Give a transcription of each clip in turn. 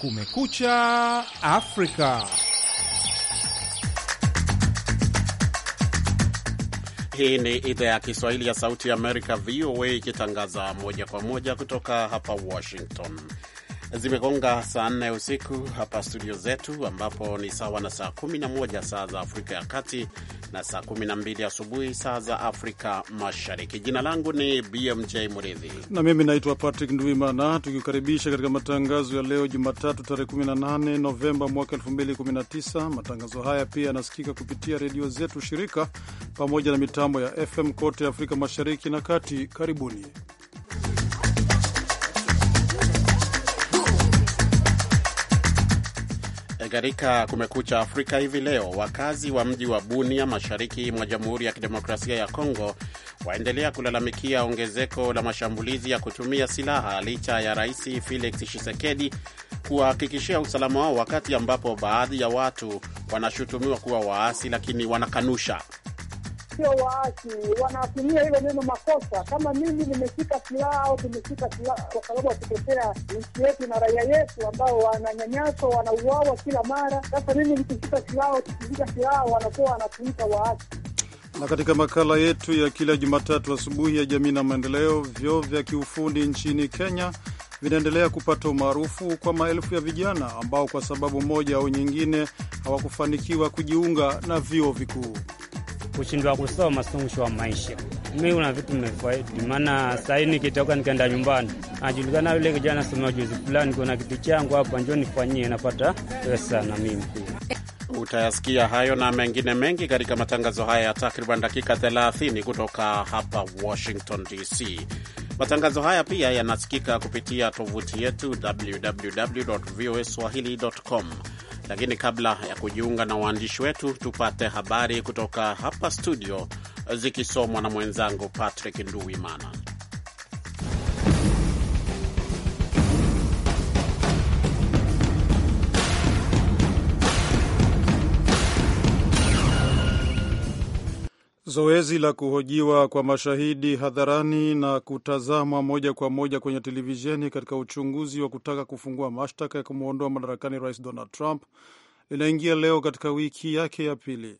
Kumekucha Afrika. Hii ni idhaa ya Kiswahili ya Sauti ya Amerika, VOA, ikitangaza moja kwa moja kutoka hapa Washington. Zimegonga saa nne usiku hapa studio zetu, ambapo ni sawa na saa 11 saa za Afrika ya Kati na saa 12 asubuhi saa za Afrika Mashariki. Jina langu ni BMJ mridhi na mimi naitwa Patrick Ndwimana, tukiukaribisha katika matangazo ya leo Jumatatu tarehe 18 Novemba mwaka 2019. Matangazo haya pia yanasikika kupitia redio zetu shirika pamoja na mitambo ya FM kote Afrika Mashariki na Kati. Karibuni. Katika Kumekucha Afrika hivi leo, wakazi wa mji wa Bunia mashariki mwa Jamhuri ya Kidemokrasia ya Kongo waendelea kulalamikia ongezeko la mashambulizi ya kutumia silaha licha ya Rais Felix Tshisekedi kuwahakikishia usalama wao, wakati ambapo baadhi ya watu wanashutumiwa kuwa waasi lakini wanakanusha sio waasi, wanatumia hilo neno makosa. Kama mimi nimeshika silaha au tumeshika silaha kwa sababu ya kutetea nchi yetu na raia yetu ambao wananyanyaswa, wanauawa kila mara. Sasa mimi nikishika silaha au tukishika silaha wanakuwa wanatumika waasi na katika makala yetu ya kila Jumatatu asubuhi ya jamii na maendeleo, vyuo vya kiufundi nchini Kenya vinaendelea kupata umaarufu kwa maelfu ya vijana ambao kwa sababu moja au nyingine hawakufanikiwa kujiunga na vyuo vikuu kushindwa sio mwisho wa maisha. Mi una vitu mmefaidi, maana sahii nikitoka nikaenda nyumbani najulikana yule kijana sema juzi fulani kuna kitu changu hapa, njo nifanyie, napata pesa na mimi pia. Utayasikia hayo na mengine mengi katika matangazo haya ya takriban dakika 30 kutoka hapa Washington DC. Matangazo haya pia yanasikika kupitia tovuti yetu www voa swahili com lakini kabla ya kujiunga na waandishi wetu, tupate habari kutoka hapa studio zikisomwa na mwenzangu Patrick Nduwimana. Zoezi la kuhojiwa kwa mashahidi hadharani na kutazamwa moja kwa moja kwenye televisheni katika uchunguzi wa kutaka kufungua mashtaka ya kumwondoa madarakani rais Donald Trump linaingia leo katika wiki yake ya pili.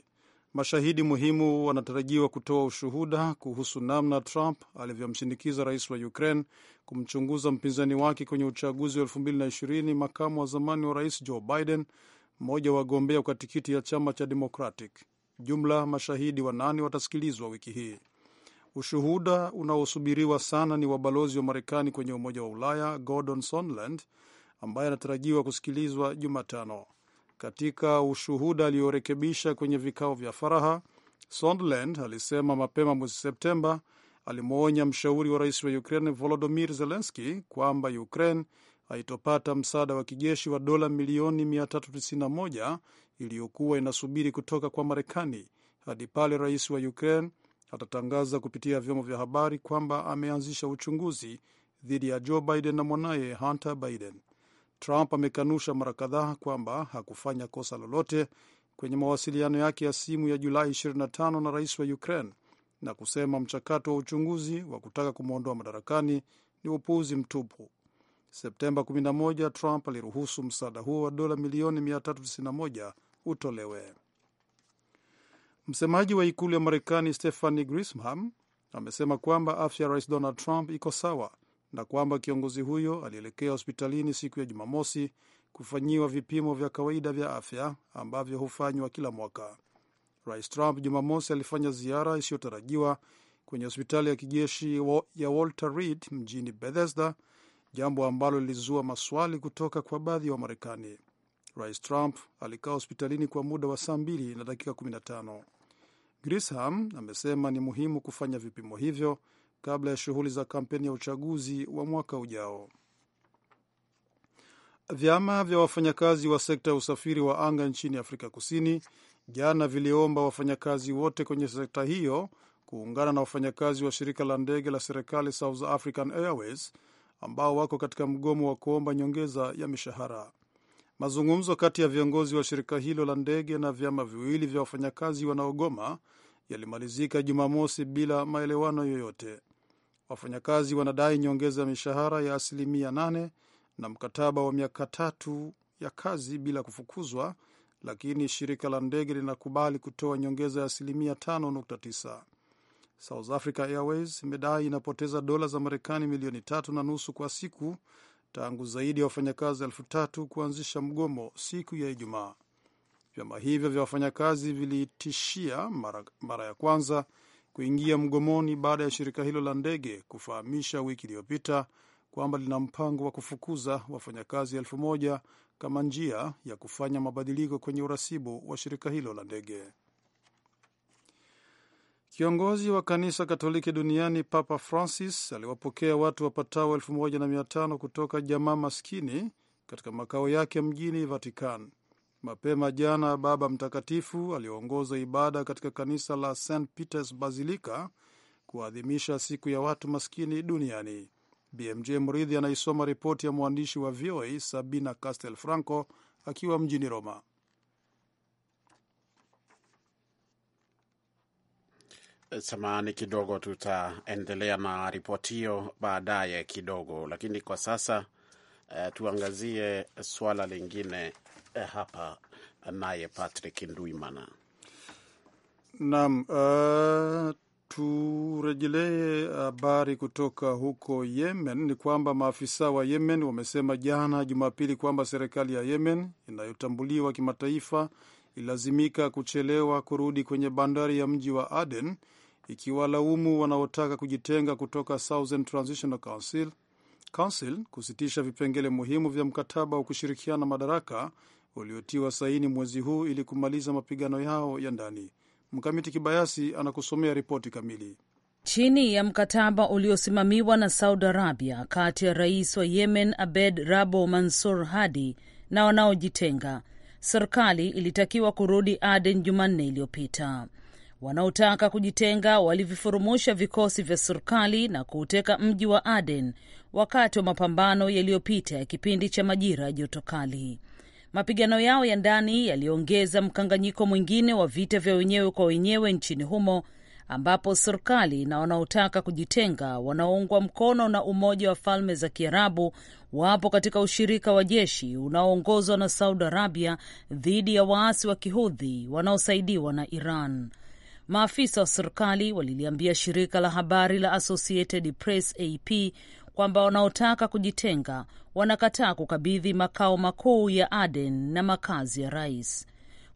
Mashahidi muhimu wanatarajiwa kutoa ushuhuda kuhusu namna Trump alivyomshinikiza rais wa Ukraine kumchunguza mpinzani wake kwenye uchaguzi wa 2020 makamu wa zamani wa rais Joe Biden, mmoja wa wagombea kwa tikiti ya chama cha Democratic. Jumla mashahidi wanane watasikilizwa wiki hii. Ushuhuda unaosubiriwa sana ni wabalozi wa Marekani kwenye Umoja wa Ulaya Gordon Sondland ambaye anatarajiwa kusikilizwa Jumatano. Katika ushuhuda aliyorekebisha kwenye vikao vya faraha, Sondland alisema mapema mwezi Septemba alimwonya mshauri wa rais wa Ukraine Volodymyr Zelensky kwamba Ukraine haitopata msaada wa kijeshi wa dola milioni 391 iliyokuwa inasubiri kutoka kwa Marekani hadi pale rais wa Ukraine atatangaza kupitia vyombo vya habari kwamba ameanzisha uchunguzi dhidi ya Joe Biden na mwanaye Hunter Biden. Trump amekanusha mara kadhaa kwamba hakufanya kosa lolote kwenye mawasiliano yake ya simu ya Julai 25 na rais wa Ukraine na kusema mchakato wa uchunguzi wa kutaka kumwondoa madarakani ni upuuzi mtupu. Septemba 11, Trump aliruhusu msaada huo wa dola milioni 391 utolewe. Msemaji wa ikulu ya Marekani Stephanie Grisham amesema kwamba afya ya rais Donald Trump iko sawa na kwamba kiongozi huyo alielekea hospitalini siku ya Jumamosi kufanyiwa vipimo vya kawaida vya afya ambavyo hufanywa kila mwaka. Rais Trump Jumamosi alifanya ziara isiyotarajiwa kwenye hospitali ya kijeshi ya Walter Reed mjini Bethesda, jambo ambalo lilizua maswali kutoka kwa baadhi ya Wamarekani. Rais Trump alikaa hospitalini kwa muda wa saa mbili na dakika 15. Grisham amesema ni muhimu kufanya vipimo hivyo kabla ya shughuli za kampeni ya uchaguzi wa mwaka ujao. Vyama vya wafanyakazi wa sekta ya usafiri wa anga nchini Afrika Kusini jana viliomba wafanyakazi wote kwenye sekta hiyo kuungana na wafanyakazi wa shirika la ndege la serikali South African Airways ambao wako katika mgomo wa kuomba nyongeza ya mishahara. Mazungumzo kati ya viongozi wa shirika hilo la ndege na vyama viwili vya wafanyakazi wanaogoma yalimalizika Jumamosi bila maelewano yoyote. Wafanyakazi wanadai nyongeza ya mishahara ya asilimia nane na mkataba wa miaka tatu ya kazi bila kufukuzwa, lakini shirika la ndege linakubali kutoa nyongeza ya asilimia 5.9. South Africa Airways imedai inapoteza dola za Marekani milioni tatu na nusu kwa siku tangu zaidi ya wafanyakazi elfu tatu kuanzisha mgomo siku ya Ijumaa. Vyama hivyo vya wafanyakazi vilitishia mara, mara ya kwanza kuingia mgomoni baada ya shirika hilo la ndege kufahamisha wiki iliyopita kwamba lina mpango wa kufukuza wafanyakazi elfu moja kama njia ya kufanya mabadiliko kwenye urasibu wa shirika hilo la ndege. Kiongozi wa kanisa Katoliki duniani Papa Francis aliwapokea watu wapatao 15 kutoka jamaa maskini katika makao yake mjini Vatican. Mapema jana, Baba Mtakatifu aliongoza ibada katika kanisa la St Peters Basilica kuadhimisha siku ya watu maskini duniani. BMJ Mridhi anaisoma ripoti ya mwandishi wa VOA Sabina Castel Franco akiwa mjini Roma. Samahani kidogo, tutaendelea na ripoti hiyo baadaye kidogo, lakini kwa sasa uh, tuangazie swala lingine uh, hapa naye Patrick Nduimana. Naam, uh, turejelee habari kutoka huko Yemen. Ni kwamba maafisa wa Yemen wamesema jana Jumapili kwamba serikali ya Yemen inayotambuliwa kimataifa ililazimika kuchelewa kurudi kwenye bandari ya mji wa Aden ikiwalaumu wanaotaka kujitenga kutoka Southern Transitional Council, Council kusitisha vipengele muhimu vya mkataba wa kushirikiana madaraka uliotiwa saini mwezi huu ili kumaliza mapigano yao ya ndani. Mkamiti Kibayasi anakusomea ripoti kamili. Chini ya mkataba uliosimamiwa na Saudi Arabia kati ya rais wa Yemen Abed Rabo Mansur Hadi na wanaojitenga serikali ilitakiwa kurudi Aden Jumanne iliyopita. Wanaotaka kujitenga walivifurumusha vikosi vya serikali na kuuteka mji wa Aden wakati wa mapambano yaliyopita ya kipindi cha majira ya joto kali. Mapigano yao ya ndani yaliongeza mkanganyiko mwingine wa vita vya wenyewe kwa wenyewe nchini humo ambapo serikali na wanaotaka kujitenga wanaoungwa mkono na Umoja wa Falme za Kiarabu wapo katika ushirika wa jeshi unaoongozwa na Saudi Arabia dhidi ya waasi wa kihudhi wanaosaidiwa na Iran. Maafisa wa serikali waliliambia shirika la habari la Associated Press AP kwamba wanaotaka kujitenga wanakataa kukabidhi makao makuu ya Aden na makazi ya rais.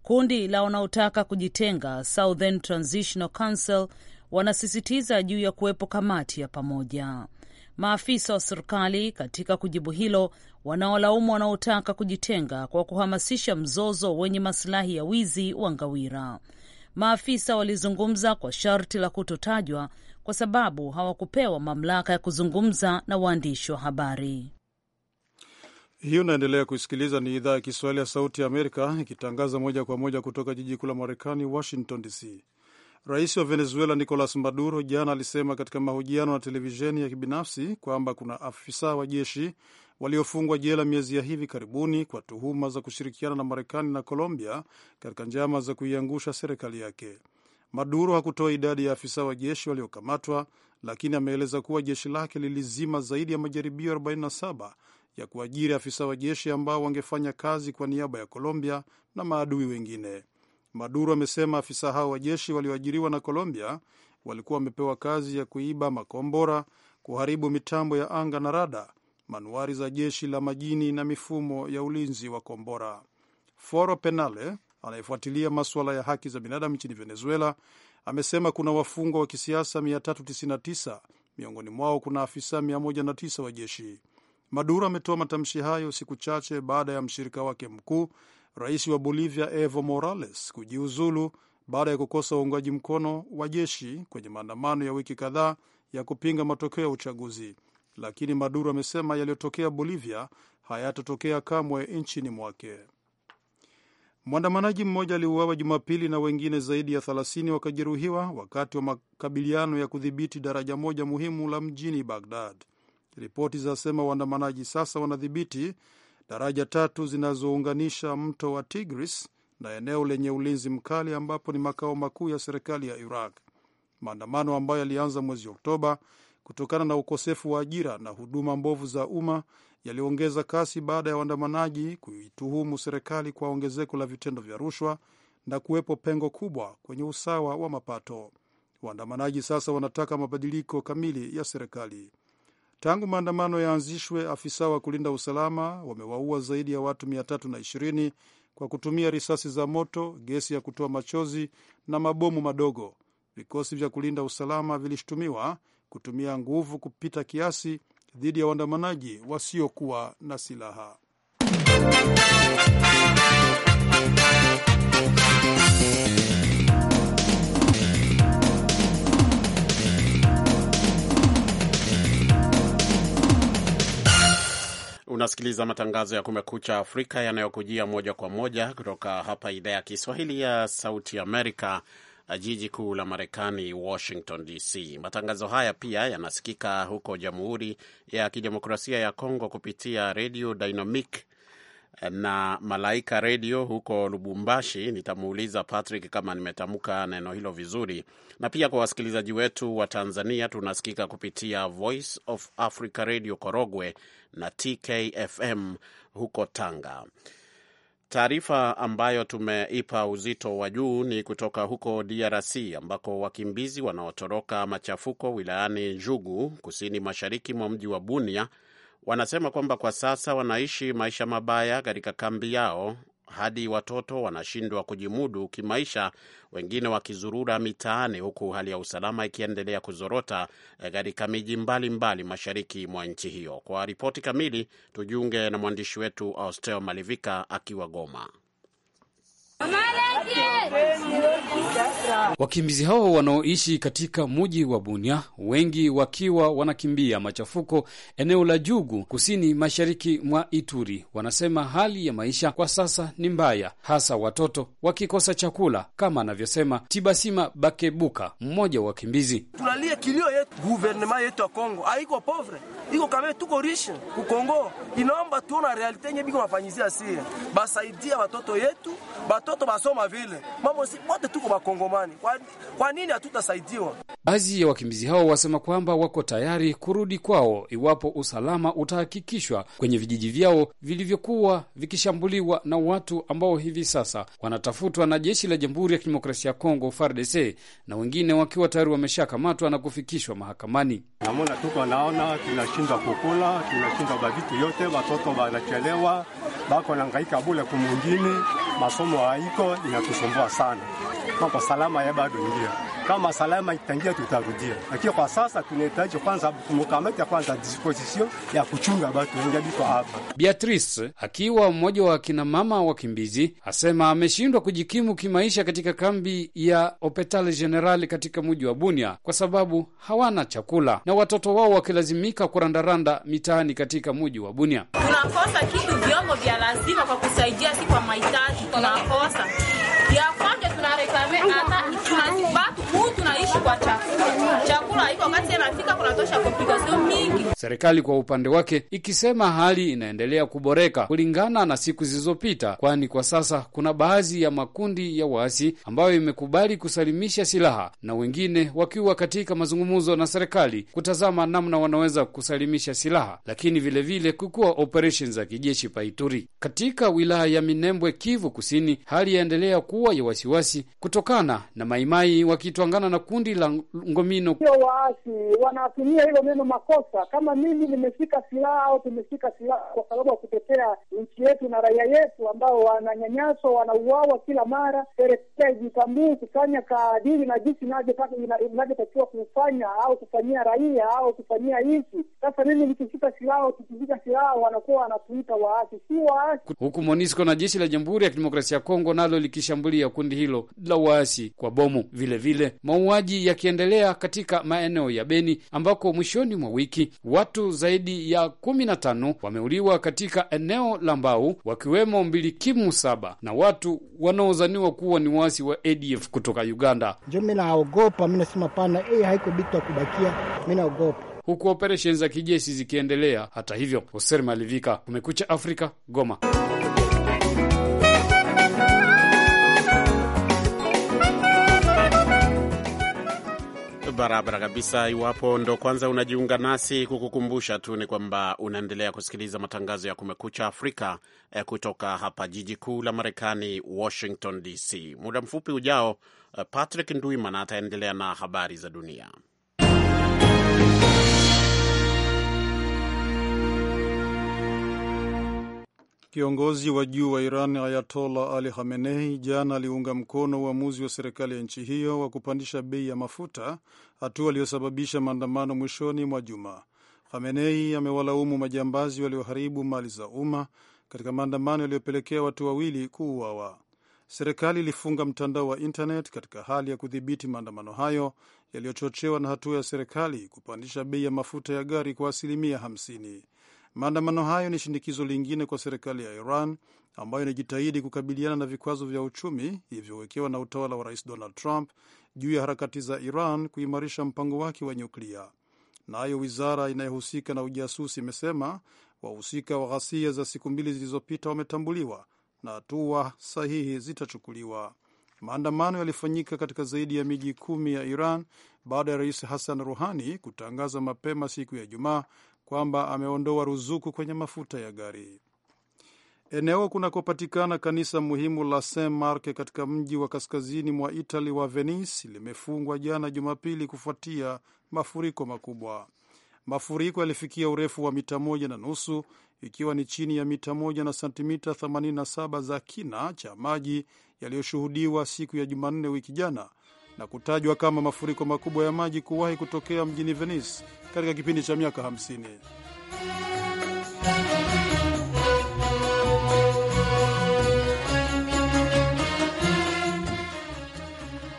Kundi la wanaotaka kujitenga Southern Transitional Council wanasisitiza juu ya kuwepo kamati ya pamoja maafisa wa serikali katika kujibu hilo wanaolaumu wanaotaka kujitenga kwa kuhamasisha mzozo wenye masilahi ya wizi wa ngawira. Maafisa walizungumza kwa sharti la kutotajwa kwa sababu hawakupewa mamlaka ya kuzungumza na waandishi wa habari. Hii unaendelea kuisikiliza, ni idhaa ya Kiswahili ya Sauti ya Amerika ikitangaza moja kwa moja kutoka jiji kuu la Marekani, Washington DC. Rais wa Venezuela Nicolas Maduro jana alisema katika mahojiano na televisheni ya kibinafsi kwamba kuna afisa wa jeshi waliofungwa jela miezi ya hivi karibuni kwa tuhuma za kushirikiana na Marekani na Colombia katika njama za kuiangusha serikali yake. Maduro hakutoa idadi ya afisa wa jeshi waliokamatwa, lakini ameeleza kuwa jeshi lake lilizima zaidi ya majaribio 47 ya kuajiri afisa wa jeshi ambao wangefanya kazi kwa niaba ya Colombia na maadui wengine. Maduro amesema afisa hao wa jeshi walioajiriwa na Colombia walikuwa wamepewa kazi ya kuiba makombora, kuharibu mitambo ya anga na rada, manuari za jeshi la majini na mifumo ya ulinzi wa kombora. Foro Penale anayefuatilia maswala ya haki za binadamu nchini Venezuela amesema kuna wafungwa wa kisiasa 399 miongoni mwao kuna afisa 109 wa jeshi. Maduro ametoa matamshi hayo siku chache baada ya mshirika wake mkuu rais wa Bolivia Evo Morales kujiuzulu baada ya kukosa uungaji mkono wa jeshi kwenye maandamano ya wiki kadhaa ya kupinga matokeo ya uchaguzi, lakini Maduro amesema yaliyotokea Bolivia hayatatokea kamwe nchini mwake. Mwandamanaji mmoja aliuawa Jumapili na wengine zaidi ya thelathini wakajeruhiwa wakati wa makabiliano ya kudhibiti daraja moja muhimu la mjini Bagdad. Ripoti zinasema waandamanaji sasa wanadhibiti daraja tatu zinazounganisha mto wa Tigris na eneo lenye ulinzi mkali ambapo ni makao makuu ya serikali ya Iraq. Maandamano ambayo yalianza mwezi Oktoba kutokana na ukosefu wa ajira na huduma mbovu za umma yaliongeza kasi baada ya waandamanaji kuituhumu serikali kwa ongezeko la vitendo vya rushwa na kuwepo pengo kubwa kwenye usawa wa mapato. Waandamanaji sasa wanataka mabadiliko kamili ya serikali. Tangu maandamano yaanzishwe, afisa wa kulinda usalama wamewaua zaidi ya watu 320 kwa kutumia risasi za moto, gesi ya kutoa machozi na mabomu madogo. Vikosi vya kulinda usalama vilishutumiwa kutumia nguvu kupita kiasi dhidi ya waandamanaji wasiokuwa na silaha. Unasikiliza matangazo ya Kumekucha Afrika yanayokujia moja kwa moja kutoka hapa idhaa ya Kiswahili ya Sauti Amerika, jiji kuu la Marekani, Washington DC. Matangazo haya pia yanasikika huko Jamhuri ya Kidemokrasia ya Kongo kupitia Redio Dynamic na Malaika Redio huko Lubumbashi. Nitamuuliza Patrick kama nimetamka neno hilo vizuri, na pia kwa wasikilizaji wetu wa Tanzania tunasikika kupitia Voice of Africa Radio Korogwe na TKFM huko Tanga. Taarifa ambayo tumeipa uzito wa juu ni kutoka huko DRC ambako wakimbizi wanaotoroka machafuko wilayani njugu kusini mashariki mwa mji wa Bunia Wanasema kwamba kwa sasa wanaishi maisha mabaya katika kambi yao hadi watoto wanashindwa kujimudu kimaisha, wengine wakizurura mitaani, huku hali ya usalama ikiendelea kuzorota eh, katika miji mbalimbali mashariki mwa nchi hiyo. Kwa ripoti kamili, tujiunge na mwandishi wetu Austel Malivika akiwa Goma. Wakimbizi hao wanaoishi katika mji wa Bunia, wengi wakiwa wanakimbia machafuko eneo la Jugu, kusini mashariki mwa Ituri, wanasema hali ya maisha kwa sasa ni mbaya, hasa watoto wakikosa chakula, kama anavyosema Tibasima Bakebuka, mmoja wa wakimbizi. Tunalia kilio yetu, guvernema yetu ya Kongo haiko povre, iko kame, tuko rishe kukongo, inaomba tuona realite yenye biko mafanyizia, sie, basaidia watoto yetu, batoto basoma vile mambo si wote tuko bako Wakongomani. Kwa, kwa nini hatutasaidiwa? Baadhi ya wakimbizi hao wasema kwamba wako tayari kurudi kwao iwapo usalama utahakikishwa kwenye vijiji vyao vilivyokuwa vikishambuliwa na watu ambao hivi sasa wanatafutwa na jeshi la Jamhuri ya Kidemokrasia ya Kongo, FARDC, na wengine wakiwa tayari wameshakamatwa na kufikishwa mahakamani. Namona tuko naona tunashindwa kukula, tunashindwa bavitu yote, watoto wanachelewa, bako nangaika bule kumungini, masomo haiko, inatusumbua sana, mambo salama ya bado ndio kama usalama itaingia, tutarudia, lakini kwa sasa tunahitaji kwanza kumukamata kwanza disposition ya kuchunga watu wengi biko hapa. Beatrice akiwa mmoja wa kina mama wakimbizi asema ameshindwa kujikimu kimaisha katika kambi ya Hopital General katika mji wa Bunia kwa sababu hawana chakula na watoto wao wakilazimika kurandaranda mitaani katika mji wa Bunia. Tunakosa kitu vyombo vya lazima kwa kusaidia, si kwa mahitaji tunakosa ya kwanza tunarekame hata 观察。hivyo wakati anafika kunatosha komplikasio mingi. Serikali kwa upande wake ikisema hali inaendelea kuboreka kulingana na siku zilizopita, kwani kwa sasa kuna baadhi ya makundi ya waasi ambayo imekubali kusalimisha silaha na wengine wakiwa katika mazungumzo na serikali kutazama namna wanaweza kusalimisha silaha, lakini vilevile kukuwa operesheni za kijeshi paituri katika wilaya ya Minembwe, Kivu Kusini. Hali yaendelea kuwa ya wasiwasi kutokana na maimai wakitwangana na kundi la Ngomino Yo, wow waasi wanatumia hilo neno makosa. Kama mimi nimeshika silaha au tumeshika silaha kwa sababu ya kutetea nchi yetu na raia yetu ambao wananyanyaswa, wanauawa kila mara, serikali haijitambui kufanya kadiri na jinsi inavyotakiwa kufanya au kufanyia raia au kufanyia nchi. Sasa mimi nikishika silaha au tukishika silaha wanakuwa wanatuita waasi, si waasi, huku MONUSCO na jeshi la Jamhuri ya Kidemokrasia ya Kongo nalo likishambulia kundi hilo la waasi kwa bomu. Vilevile mauaji yakiendelea katika maeneo maeneo ya Beni ambako mwishoni mwa wiki watu zaidi ya kumi na tano wameuliwa katika eneo la Mbau, wakiwemo mbilikimu saba na watu wanaozaniwa kuwa ni waasi wa ADF kutoka Uganda. Njo mi naogopa, mi nasema pana ei, eh, haiko bitu kubakia, mi naogopa huku operesheni za kijeshi zikiendelea. Hata hivyo, Hoser Malivika, Kumekucha Afrika, Goma. barabara kabisa. Iwapo ndo kwanza unajiunga nasi, kukukumbusha tu ni kwamba unaendelea kusikiliza matangazo ya Kumekucha Afrika eh, kutoka hapa jiji kuu la Marekani, Washington DC. Muda mfupi ujao, eh, Patrick Ndwimana ataendelea na habari za dunia. Kiongozi wa juu wa Iran Ayatola Ali Khamenei jana aliunga mkono uamuzi wa serikali ya nchi hiyo wa kupandisha bei ya mafuta, hatua aliyosababisha maandamano mwishoni mwa juma. Khamenei amewalaumu majambazi walioharibu mali za umma katika maandamano yaliyopelekea watu wawili kuuawa. Serikali ilifunga mtandao wa internet katika hali ya kudhibiti maandamano hayo yaliyochochewa na hatua ya serikali kupandisha bei ya mafuta ya gari kwa asilimia 50. Maandamano hayo ni shinikizo lingine kwa serikali ya Iran ambayo inajitahidi kukabiliana na vikwazo vya uchumi ilivyowekewa na utawala wa Rais Donald Trump juu ya harakati za Iran kuimarisha mpango wake wa nyuklia. Nayo na wizara inayohusika na ujasusi imesema wahusika wa ghasia za siku mbili zilizopita wametambuliwa na hatua sahihi zitachukuliwa. Maandamano yalifanyika katika zaidi ya miji kumi ya Iran baada ya rais Hassan Rouhani kutangaza mapema siku ya Ijumaa kwamba ameondoa ruzuku kwenye mafuta ya gari. Eneo kunakopatikana kanisa muhimu la St Mark katika mji wa kaskazini mwa Itali wa Venice limefungwa jana Jumapili kufuatia mafuriko makubwa. Mafuriko yalifikia urefu wa mita moja na nusu ikiwa ni chini ya mita moja na sentimita 87 za kina cha maji yaliyoshuhudiwa siku ya Jumanne wiki jana na kutajwa kama mafuriko makubwa ya maji kuwahi kutokea mjini Venice katika kipindi cha miaka 50.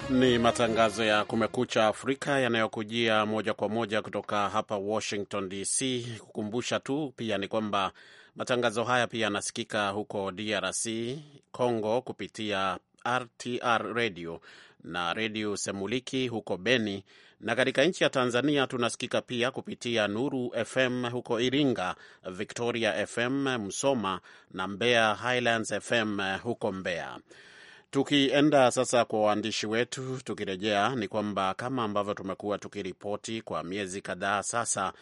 Ni matangazo ya Kumekucha Afrika yanayokujia moja kwa moja kutoka hapa Washington DC. Kukumbusha tu pia ni kwamba matangazo haya pia yanasikika huko DRC Congo kupitia RTR Radio na redio Semuliki huko Beni, na katika nchi ya Tanzania tunasikika pia kupitia Nuru FM huko Iringa, Victoria FM Msoma na Mbeya Highlands FM huko Mbeya. Tukienda sasa kwa waandishi wetu, tukirejea ni kwamba kama ambavyo tumekuwa tukiripoti kwa miezi kadhaa sasa,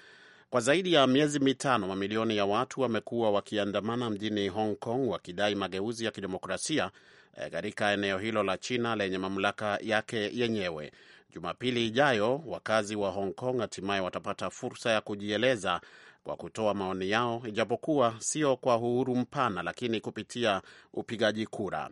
kwa zaidi ya miezi mitano, mamilioni ya watu wamekuwa wakiandamana mjini Hong Kong wakidai mageuzi ya kidemokrasia Eh, katika eneo hilo la China lenye mamlaka yake yenyewe. Jumapili ijayo wakazi wa Hong Kong hatimaye watapata fursa ya kujieleza kwa kutoa maoni yao, ijapokuwa sio kwa uhuru mpana, lakini kupitia upigaji kura.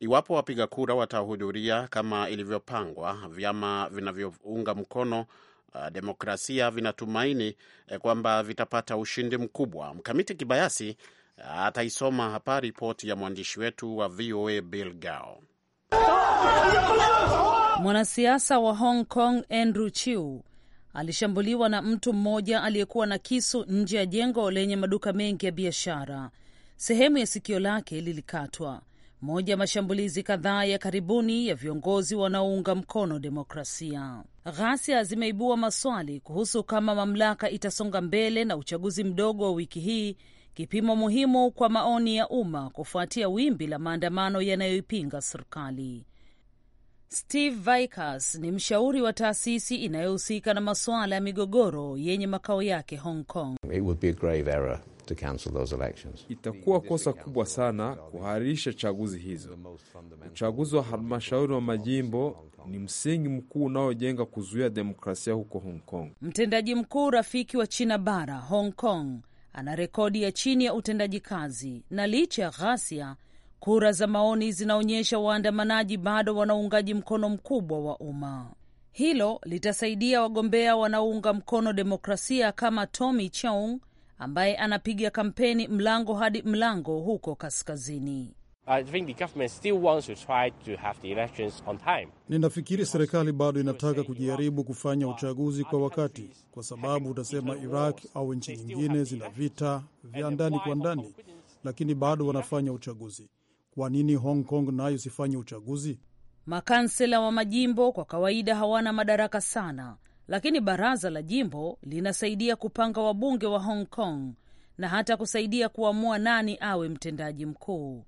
Iwapo wapiga kura watahudhuria kama ilivyopangwa, vyama vinavyounga mkono eh, demokrasia vinatumaini eh, kwamba vitapata ushindi mkubwa. Mkamiti Kibayasi ataisoma hapa ripoti ya mwandishi wetu wa VOA Bill Gao. Mwanasiasa wa Hong Kong Andrew Chiu alishambuliwa na mtu mmoja aliyekuwa na kisu nje ya jengo lenye maduka mengi ya biashara. Sehemu ya sikio lake lilikatwa, moja ya mashambulizi kadhaa ya karibuni ya viongozi wanaounga mkono demokrasia. Ghasia zimeibua maswali kuhusu kama mamlaka itasonga mbele na uchaguzi mdogo wa wiki hii kipimo muhimu kwa maoni ya umma kufuatia wimbi la maandamano yanayoipinga serikali. Steve Vickers ni mshauri wa taasisi inayohusika na masuala ya migogoro yenye makao yake Hong Kong. It would be a grave error. Itakuwa kosa kubwa sana kuahirisha chaguzi hizo. Uchaguzi wa halmashauri wa majimbo ni msingi mkuu unaojenga kuzuia demokrasia huko Hong Kong. Mtendaji mkuu rafiki wa China bara Hong Kong ana rekodi ya chini ya utendaji kazi, na licha ya ghasia, kura za maoni zinaonyesha waandamanaji bado wana uungaji mkono mkubwa wa umma. Hilo litasaidia wagombea wanaounga mkono demokrasia kama Tommy Chong ambaye anapiga kampeni mlango hadi mlango huko kaskazini. Ninafikiri serikali bado inataka kujaribu kufanya uchaguzi kwa wakati, kwa sababu utasema Iraq au nchi nyingine zina vita vya ndani kwa ndani, lakini bado wanafanya uchaguzi. Kwa nini Hong Kong nayo sifanye uchaguzi? Makansela wa majimbo kwa kawaida hawana madaraka sana, lakini baraza la jimbo linasaidia kupanga wabunge wa Hong Kong na hata kusaidia kuamua nani awe mtendaji mkuu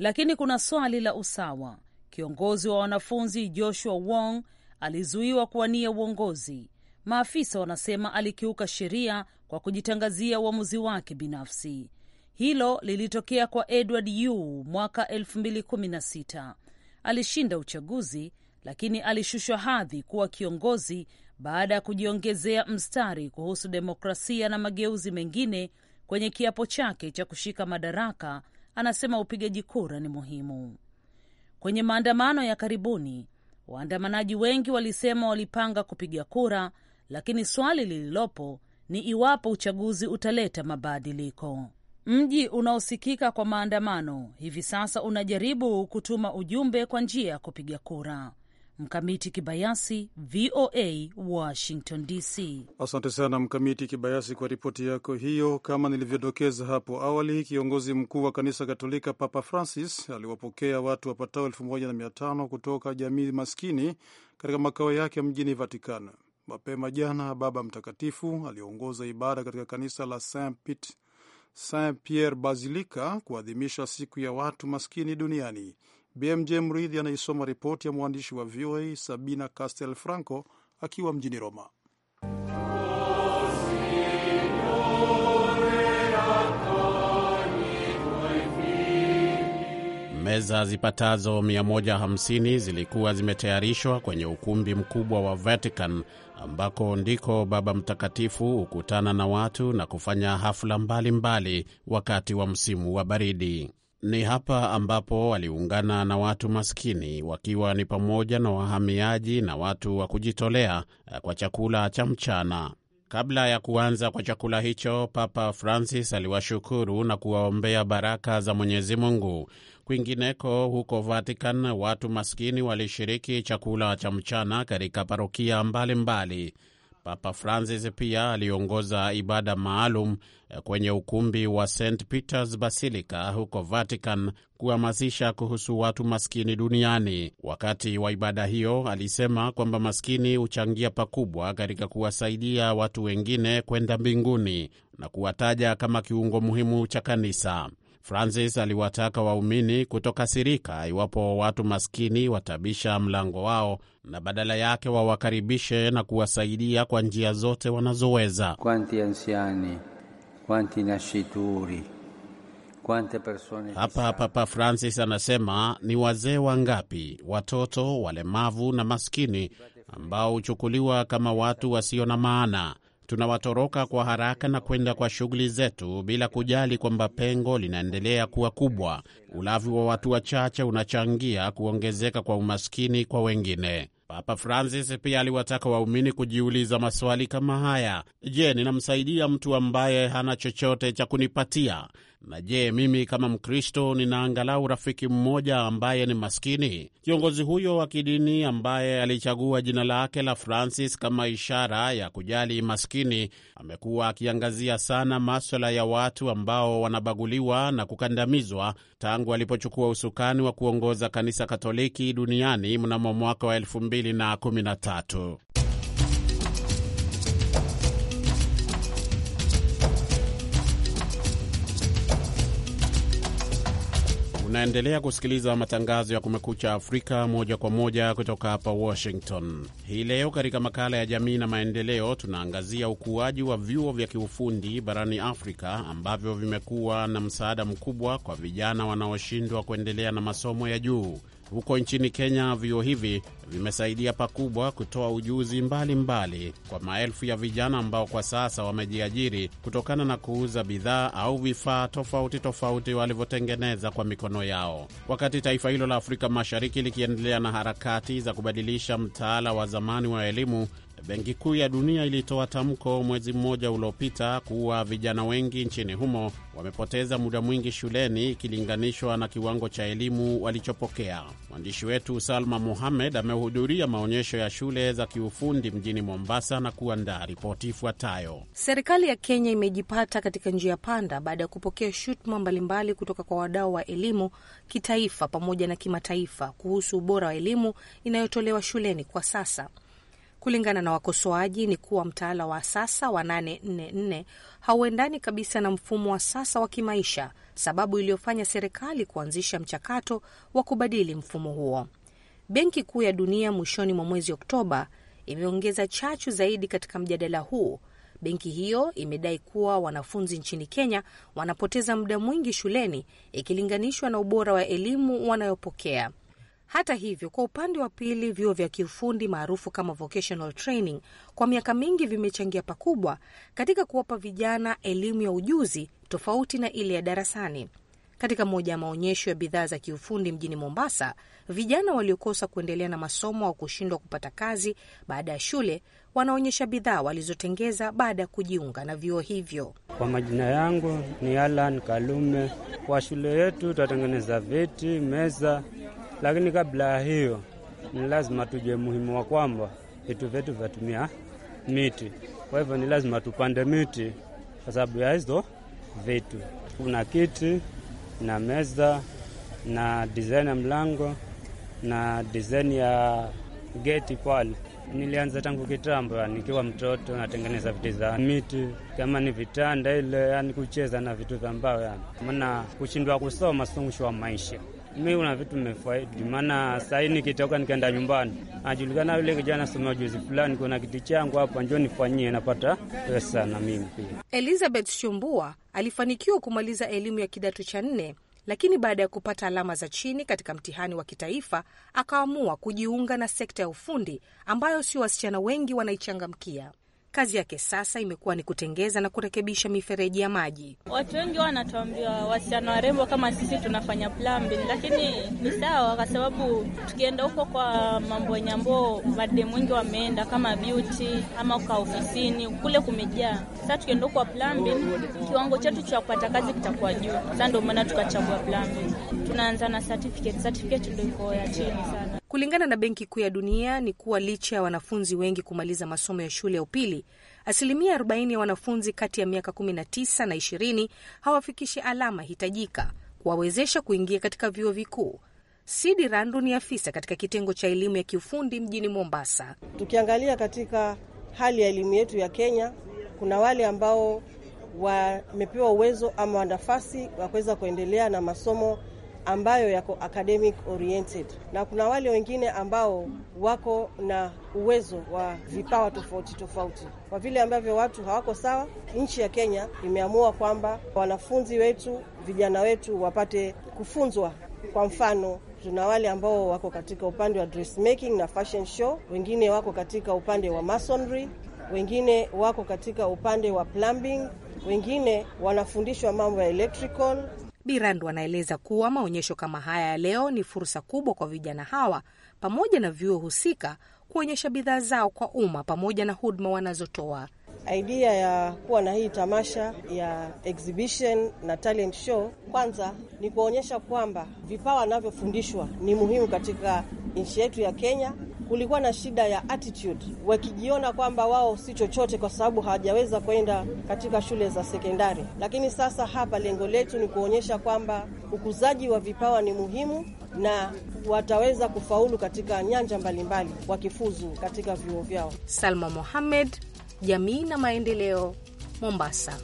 lakini kuna swali la usawa. Kiongozi wa wanafunzi Joshua Wong alizuiwa kuwania uongozi. Maafisa wanasema alikiuka sheria kwa kujitangazia uamuzi wake binafsi. Hilo lilitokea kwa Edward Yu mwaka 2016. Alishinda uchaguzi lakini alishushwa hadhi kuwa kiongozi baada ya kujiongezea mstari kuhusu demokrasia na mageuzi mengine kwenye kiapo chake cha kushika madaraka anasema upigaji kura ni muhimu. Kwenye maandamano ya karibuni, waandamanaji wengi walisema walipanga kupiga kura, lakini swali lililopo ni iwapo uchaguzi utaleta mabadiliko. Mji unaosikika kwa maandamano hivi sasa unajaribu kutuma ujumbe kwa njia ya kupiga kura. Mkamiti Kibayasi, VOA, Washington DC. Asante sana Mkamiti Kibayasi kwa ripoti yako hiyo. Kama nilivyodokeza hapo awali, kiongozi mkuu wa kanisa Katolika Papa Francis aliwapokea watu wapatao 15 kutoka jamii maskini katika makao yake mjini vatican Mapema jana, Baba Mtakatifu aliongoza ibada katika kanisa la Saint Saint Pierre Basilica kuadhimisha siku ya watu maskini duniani. BMJ Mridhi anaisoma ripoti ya mwandishi wa VOA Sabina Castel Franco akiwa mjini Roma. Meza zipatazo 150 zilikuwa zimetayarishwa kwenye ukumbi mkubwa wa Vatican ambako ndiko Baba Mtakatifu hukutana na watu na kufanya hafla mbalimbali mbali wakati wa msimu wa baridi. Ni hapa ambapo waliungana na watu maskini wakiwa ni pamoja na wahamiaji na watu wa kujitolea eh, kwa chakula cha mchana. Kabla ya kuanza kwa chakula hicho, Papa Francis aliwashukuru na kuwaombea baraka za Mwenyezi Mungu. Kwingineko huko Vatican, watu maskini walishiriki chakula cha mchana katika parokia mbalimbali mbali. Papa Francis pia aliongoza ibada maalum kwenye ukumbi wa St Peter's Basilica huko Vatican kuhamasisha kuhusu watu maskini duniani. Wakati wa ibada hiyo, alisema kwamba maskini huchangia pakubwa katika kuwasaidia watu wengine kwenda mbinguni na kuwataja kama kiungo muhimu cha kanisa. Francis aliwataka waumini kutokasirika iwapo watu maskini watabisha mlango wao na badala yake wawakaribishe na kuwasaidia kwa njia zote wanazoweza. Kwanti ansiani, kwanti nashituri, persone. Hapa Papa Francis anasema ni wazee wangapi, watoto, walemavu na maskini ambao huchukuliwa kama watu wasio na maana tunawatoroka kwa haraka na kwenda kwa shughuli zetu bila kujali kwamba pengo linaendelea kuwa kubwa. Ulavi wa watu wachache unachangia kuongezeka kwa umaskini kwa wengine. Papa Francis pia aliwataka waumini kujiuliza maswali kama haya: Je, ninamsaidia mtu ambaye hana chochote cha kunipatia? Na je, mimi kama Mkristo nina angalau rafiki mmoja ambaye ni maskini? Kiongozi huyo wa kidini ambaye alichagua jina lake la Francis kama ishara ya kujali maskini amekuwa akiangazia sana maswala ya watu ambao wanabaguliwa na kukandamizwa tangu alipochukua usukani wa kuongoza kanisa Katoliki duniani mnamo mwaka wa 2013. Unaendelea kusikiliza matangazo ya Kumekucha Afrika moja kwa moja kutoka hapa Washington. Hii leo katika makala ya jamii na maendeleo, tunaangazia ukuaji wa vyuo vya kiufundi barani Afrika ambavyo vimekuwa na msaada mkubwa kwa vijana wanaoshindwa kuendelea na masomo ya juu. Huko nchini Kenya, vyuo hivi vimesaidia pakubwa kutoa ujuzi mbalimbali mbali kwa maelfu ya vijana ambao kwa sasa wamejiajiri kutokana na kuuza bidhaa au vifaa tofauti tofauti walivyotengeneza kwa mikono yao. Wakati taifa hilo la Afrika Mashariki likiendelea na harakati za kubadilisha mtaala wa zamani wa elimu Benki Kuu ya Dunia ilitoa tamko mwezi mmoja uliopita kuwa vijana wengi nchini humo wamepoteza muda mwingi shuleni ikilinganishwa na kiwango cha elimu walichopokea. Mwandishi wetu Salma muhamed amehudhuria maonyesho ya shule za kiufundi mjini Mombasa na kuandaa ripoti ifuatayo. Serikali ya Kenya imejipata katika njia panda baada ya kupokea shutuma mbalimbali kutoka kwa wadau wa elimu kitaifa pamoja na kimataifa kuhusu ubora wa elimu inayotolewa shuleni kwa sasa. Kulingana na wakosoaji, ni kuwa mtaala wa sasa wa 844 hauendani kabisa na mfumo wa sasa wa kimaisha, sababu iliyofanya serikali kuanzisha mchakato wa kubadili mfumo huo. Benki Kuu ya Dunia mwishoni mwa mwezi Oktoba imeongeza chachu zaidi katika mjadala huu. Benki hiyo imedai kuwa wanafunzi nchini Kenya wanapoteza muda mwingi shuleni ikilinganishwa na ubora wa elimu wanayopokea. Hata hivyo, kwa upande wa pili, vyuo vya kiufundi maarufu kama vocational training kwa miaka mingi vimechangia pakubwa katika kuwapa vijana elimu ya ujuzi tofauti na ile ya darasani. Katika moja ya maonyesho ya bidhaa za kiufundi mjini Mombasa, vijana waliokosa kuendelea na masomo au kushindwa kupata kazi baada ya shule wanaonyesha bidhaa walizotengeza baada ya kujiunga na vyuo hivyo. Kwa majina yangu ni Alan Kalume. Kwa shule yetu tutatengeneza viti, meza lakini kabla ya hiyo, ni lazima tujue muhimu wa kwamba vitu vyetu vyatumia miti. Kwa hivyo ni lazima tupande miti kwa sababu ya hizo vitu. Kuna kiti na meza na design ya mlango na design ya geti pale. Nilianza tangu kitambo, yaani nikiwa mtoto natengeneza vitu za miti, kama ni vitanda ile, yani kucheza na vitu vya mbao, yani maana kushindwa kusoma sungushwa maisha mi una vitu nimefaidi, maana sahii nikitoka nikaenda nyumbani najulikana yule kijana sema juzi fulani kuna kitu changu hapa, njo nifanyie, napata pesa na mimi pia. Elizabeth Shumbua alifanikiwa kumaliza elimu ya kidato cha nne, lakini baada ya kupata alama za chini katika mtihani wa kitaifa akaamua kujiunga na sekta ya ufundi ambayo sio wasichana wengi wanaichangamkia. Kazi yake sasa imekuwa ni kutengeza na kurekebisha mifereji ya maji. Watu wengi wanatuambia wasichana warembo kama sisi tunafanya plumbing, lakini ni sawa, kwa sababu tukienda huko kwa mambo yenye ambao mademu wengi wameenda kama beauty ama kwa ofisini kule kumejaa. Sasa tukienda huko kwa plumbing, kiwango chetu cha kupata kazi kitakuwa juu. Sasa ndio maana tukachagua plumbing. Tunaanza na certificate, certificate ndio iko ya chini sana. Kulingana na Benki Kuu ya Dunia ni kuwa licha ya wanafunzi wengi kumaliza masomo ya shule ya upili, asilimia 40 ya wanafunzi kati ya miaka 19 na 20 hawafikishi alama hitajika kuwawezesha kuingia katika vyuo vikuu. Sidi Randu ni afisa katika kitengo cha elimu ya kiufundi mjini Mombasa. Tukiangalia katika hali ya elimu yetu ya Kenya, kuna wale ambao wamepewa uwezo ama nafasi wa kuweza kuendelea na masomo ambayo yako academic oriented, na kuna wale wengine ambao wako na uwezo wa vipawa tofauti tofauti. Kwa vile ambavyo watu hawako sawa, nchi ya Kenya imeamua kwamba wanafunzi wetu, vijana wetu wapate kufunzwa. Kwa mfano tuna wale ambao wako katika upande wa dressmaking na fashion show, wengine wako katika upande wa masonry, wengine wako katika upande wa plumbing, wengine wanafundishwa mambo ya electrical Birandu anaeleza kuwa maonyesho kama haya ya leo ni fursa kubwa kwa vijana hawa pamoja na vyuo husika kuonyesha bidhaa zao kwa umma pamoja na huduma wanazotoa. Idea ya kuwa na hii tamasha ya exhibition na talent show, kwanza ni kuonyesha kwamba vipawa wanavyofundishwa ni muhimu katika nchi yetu ya Kenya kulikuwa na shida ya attitude, wakijiona kwamba wao si chochote kwa sababu hawajaweza kwenda katika shule za sekondari. Lakini sasa hapa lengo letu ni kuonyesha kwamba ukuzaji wa vipawa ni muhimu na wataweza kufaulu katika nyanja mbalimbali wakifuzu katika vyuo vyao. Salma Mohamed, jamii na maendeleo, Mombasa.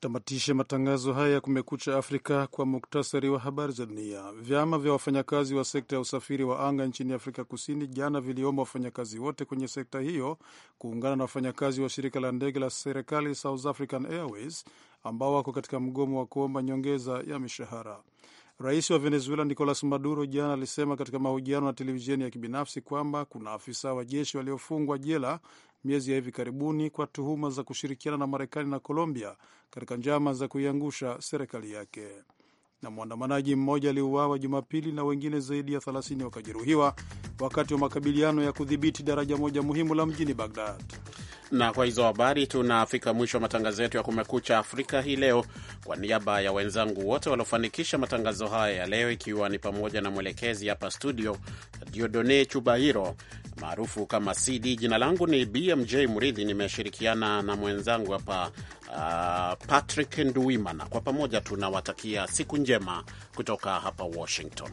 Tamatishe matangazo haya ya Kumekucha Afrika kwa muktasari wa habari za dunia. Vyama vya wafanyakazi wa sekta ya usafiri wa anga nchini Afrika Kusini jana viliomba wafanyakazi wote kwenye sekta hiyo kuungana na wafanyakazi wa shirika la ndege la serikali South African Airways ambao wako katika mgomo wa kuomba nyongeza ya mishahara. Rais wa Venezuela Nicolas Maduro jana alisema katika mahojiano na televisheni ya kibinafsi kwamba kuna afisa wa jeshi waliofungwa jela miezi ya hivi karibuni kwa tuhuma za kushirikiana na Marekani na Colombia katika njama za kuiangusha serikali yake. Na mwandamanaji mmoja aliuawa Jumapili na wengine zaidi ya 30 wakajeruhiwa wakati wa makabiliano ya kudhibiti daraja moja muhimu la mjini Bagdad. Na kwa hizo habari tunafika mwisho wa matangazo yetu ya Kumekucha Afrika hii leo. Kwa niaba ya wenzangu wote waliofanikisha matangazo haya ya leo, ikiwa ni pamoja na mwelekezi hapa studio Diodone Chubahiro, maarufu kama CD. Jina langu ni BMJ Mridhi, nimeshirikiana na mwenzangu hapa uh, Patrick nduimana Kwa pamoja tunawatakia siku njema kutoka hapa Washington.